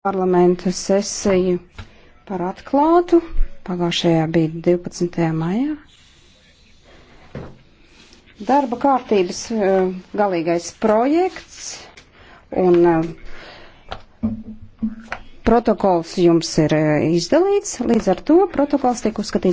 parlamenta sesiju par atklātu. Pagājušajā bija 12. maijā. Darba kārtības eh, galīgais projekts un eh, protokols jums ir eh, izdalīts, līdz ar to protokols tiek uzskatīts.